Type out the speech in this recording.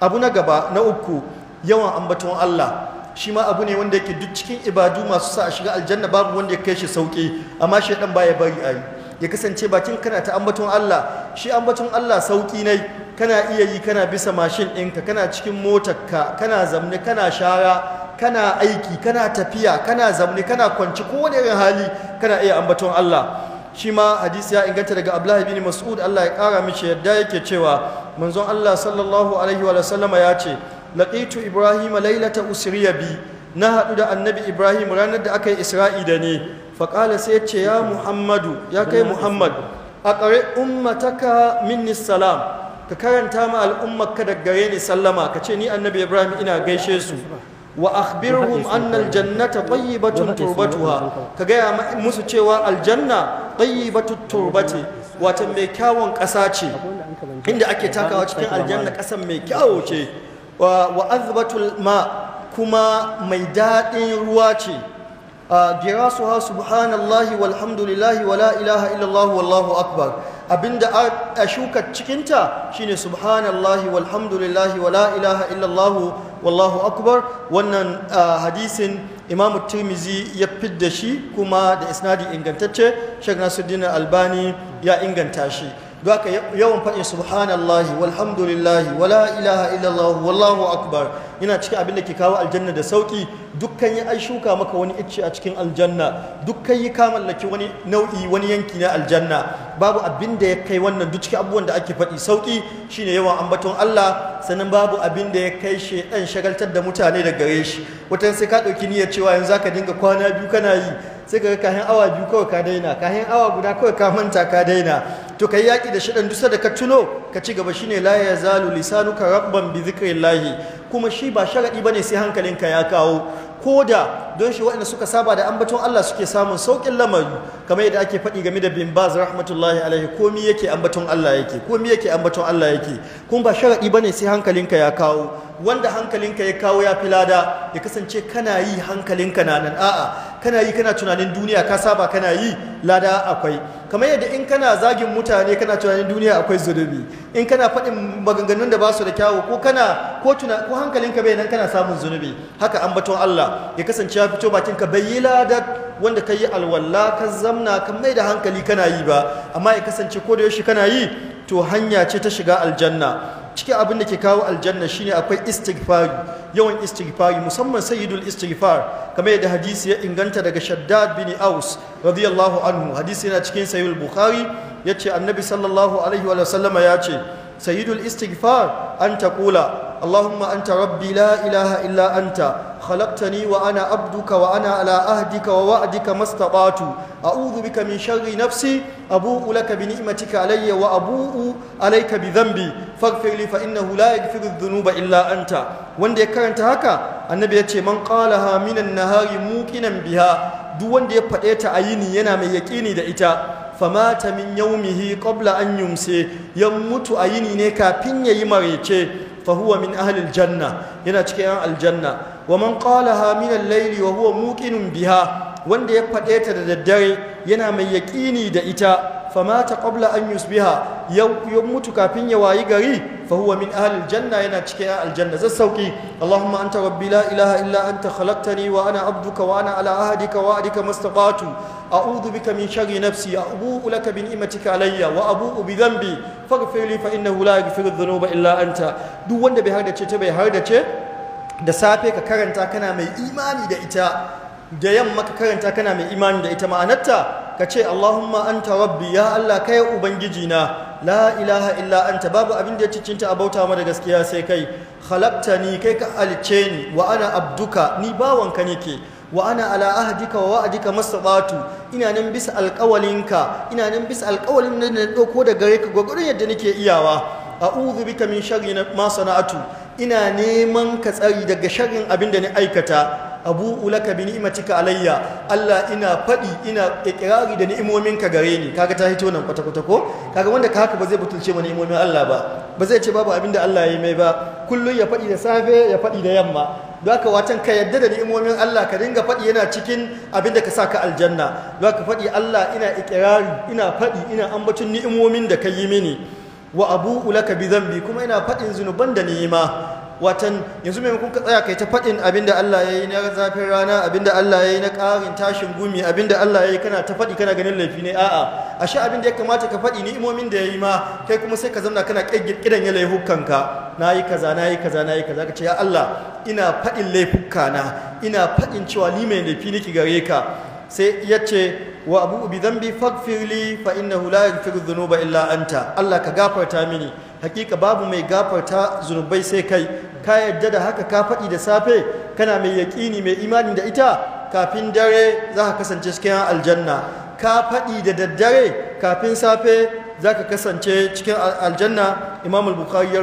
abu na gaba na uku yawan ambaton Allah shi ma abu ne wanda yake duk cikin ibadu masu sa a shiga aljanna babu wanda ya kai shi sauki amma shi ɗan baya bari ayi ya kasance bakin kana ta ambaton Allah shi ambaton Allah sauki ne kana iya yi kana bisa mashin ɗinka kana cikin ka kana zamne kana shara kana aiki kana tafiya kana zamne kana kwanci kowane irin hali kana iya ambaton Allah shi ma hadisi ya inganta daga Abdullahi bin Mas'ud Allah ya kara mishi yadda yake cewa manzon Allah sallallahu alaihi wa sallama ya ce laqitu Ibrahim lailata usriya bi na haɗu da annabi Ibrahim ranar da aka yi Isra'i da ne faƙala sai ce ya Muhammadu ya kai Muhammad a ƙare ummataka minni salam ka karanta ma al'ummarka da gare ni sallama ka ce ni annabi Ibrahim ina gaishe su wa akhbirhum anna aljannata tayyibatun turbatuha ka gaya musu cewa aljanna tayyibatu turbati wato mai kyawun ƙasa ce inda ake takawa cikin aljanna ƙasan mai kyawo ce wa azbatul ma kuma mai daɗin ruwa ce ha subhanallahi walhamdulillahi wala ilaha illallah wallahu akbar abinda a shuka cikinta shine subhanallahi walhamdulillahi wala ilaha illallah wallahu akbar wannan hadisin imam tirmizi ya da shi kuma da isnadi ingantacce shek nasuddin albani ya inganta shi don haka yawan faɗin subhanallahi walhamdulillahi wala ilaha illallah wallahu akbar yana cikin abin da ke kawo aljanna da sauki dukkan yi ai shuka maka wani icce a cikin aljanna dukkan yi ka mallaki wani nau'i wani yanki na aljanna babu abin da ya kai wannan duk cikin abubuwan da ake faɗi sauki shine yawan ambaton Allah sannan babu abin da ya kai shi dan shagaltar da mutane da gare shi watan sai ka ɗauki niyyar cewa yanzu zaka dinga kwana biyu kana yi sai ka kayan awa biyu kawai ka daina kayan awa guda kawai ka manta ka daina to kai yaki da shaɗan dusa da ka tuno ka ci gaba shine la ya zalu lisanuka rabban bi zikrillahi kuma shi ba sharaɗi bane sai hankalinka ya kawo koda don shi waɗanda suka saba da ambaton Allah suke samun saukin lamari kamar yadda ake faɗi game da bin baz rahmatullahi alaihi komi yake ambaton Allah yake komi yake ambaton Allah yake kuma ba sharaɗi bane sai hankalinka ya kawo wanda hankalinka ya kawo ya fi lada ya kasance kana yi hankalinka na nan a'a kana yi kana tunanin duniya ka saba kana yi lada akwai kamar yadda in kana zagin mutane kana tunanin duniya akwai zunubi in kana faɗin maganganun da ba su da kyawu ko kana ko tuna ko hankalinka bai nan kana samun zunubi haka ambaton Allah ya kasance ya fito bakin ka bai yi lada wanda ka yi alwala ka zamna ka mai da hankali kana yi ba amma ya kasance ko da yaushe kana yi to hanya ce ta shiga aljanna cikin abin da ke kawo aljanna shine akwai istighfari yawan istighfari musamman sayyidul istighfar kamar yadda hadisi ya inganta daga shaddad bin aus radiyallahu anhu hadisi yana cikin sayyidul bukhari yace annabi sallallahu alaihi wa sallama yace sayyidul istighfar an taqula allahumma anta rabbi la ilaha illa anta خلقتني وأنا عبدك وأنا على أهدك ووعدك ما استطعت أعوذ بك من شر نفسي أبوء لك بنعمتك علي وأبوء عليك بذنبي فاغفر لي فإنه لا يغفر الذنوب إلا أنت wanda ya karanta haka annabi ya ce man qalaha minan nahari muqinan biha duk wanda ya faɗe a yini yana mai yaƙini da ita famata min yaumihi qabla an yumse ya mutu a yini ne kafin yayi marece fa huwa min ahlil janna yana cikin yan aljanna wa man qalaha min al-layli wa huwa muqinun biha wanda ya faɗe ta da daddare yana mai yaƙini da ita famata qabla an yusbiha ya mutu kafin ya wayi gari fa huwa min ahli janna yana cikin aljanna zai sauki allahumma anta rabbi la ilaha illa anta khalaqtani wa ana abduka wa ana ala ahdika wa adika mastaqatu a'udhu bika min sharri nafsi a'ubu laka bi ni'matika alayya wa abu'u bi dhanbi faghfir li fa innahu la yaghfiru dhunuba illa anta duk wanda bai ce ta bai hardace da safe ka karanta kana mai imani da ita da yamma ka karanta kana mai imani da ita ma'anarta ka ce Allahumma anta rabbi ya Allah kai ubangiji na la ilaha illa anta babu abin da ya cincinta a bauta ma da gaskiya sai kai ni kai ka alice ni wa ana abduka ni bawanka nake wa ana ala ahdika wa wa'dika masabatu ina nan bisa alƙawalinka ina nan bisa alƙawalin da na dauko da gare ka gwagwarin yadda nake iyawa a'udhu bika min sharri ma sana'atu ina neman ka tsari daga sharrin abin da ni aikata abu'u laka bi ni'matika alayya Allah ina fadi ina ikrari da ni'imominka gare ni kaga ta hito nan kwata kwata ko kaga wanda ka haka ba zai butulce ma ni'imomin Allah ba ba zai ce babu abinda Allah ya yi mai ba kullun ya fadi da safe ya fadi da yamma don haka watan ka yadda da ni'imomin Allah ka dinga faɗi yana cikin abinda ka saka aljanna don haka faɗi Allah ina ikrari ina faɗi ina ambacin ni'imomin da ka yi mini wa abu ulaka bi dhanbi kuma ina faɗin zunuban da ni'ima watan yanzu maimakon ka tsaya kai ta faɗin abinda Allah ya yi na zafin rana abinda Allah ya yi na ƙarin tashin gumi abinda Allah ya yi kana ta faɗi kana ganin laifi ne a'a A abin da ya kamata ka faɗi ni'imomin da ya yi ma kai kuma sai ka zamna kana ƙirƙiran ya laifukanka na yi kaza na yi kaza na yi kaza ka ce ya Allah ina faɗin laifuka na, ina faɗin cewa ni mai laifi ki gare ka sai ya ce wa abu bi dhanbi faghfirli fa innahu la yaghfiru dhunuba illa anta Allah ka gafarta mini hakika babu mai gafarta zunubai sai kai ka yarda da haka ka faɗi da safe kana mai yaƙini mai imani da ita kafin dare za ka kasance cikin aljanna ka faɗi da daddare kafin safe za ka kasance cikin aljanna imamul bukhari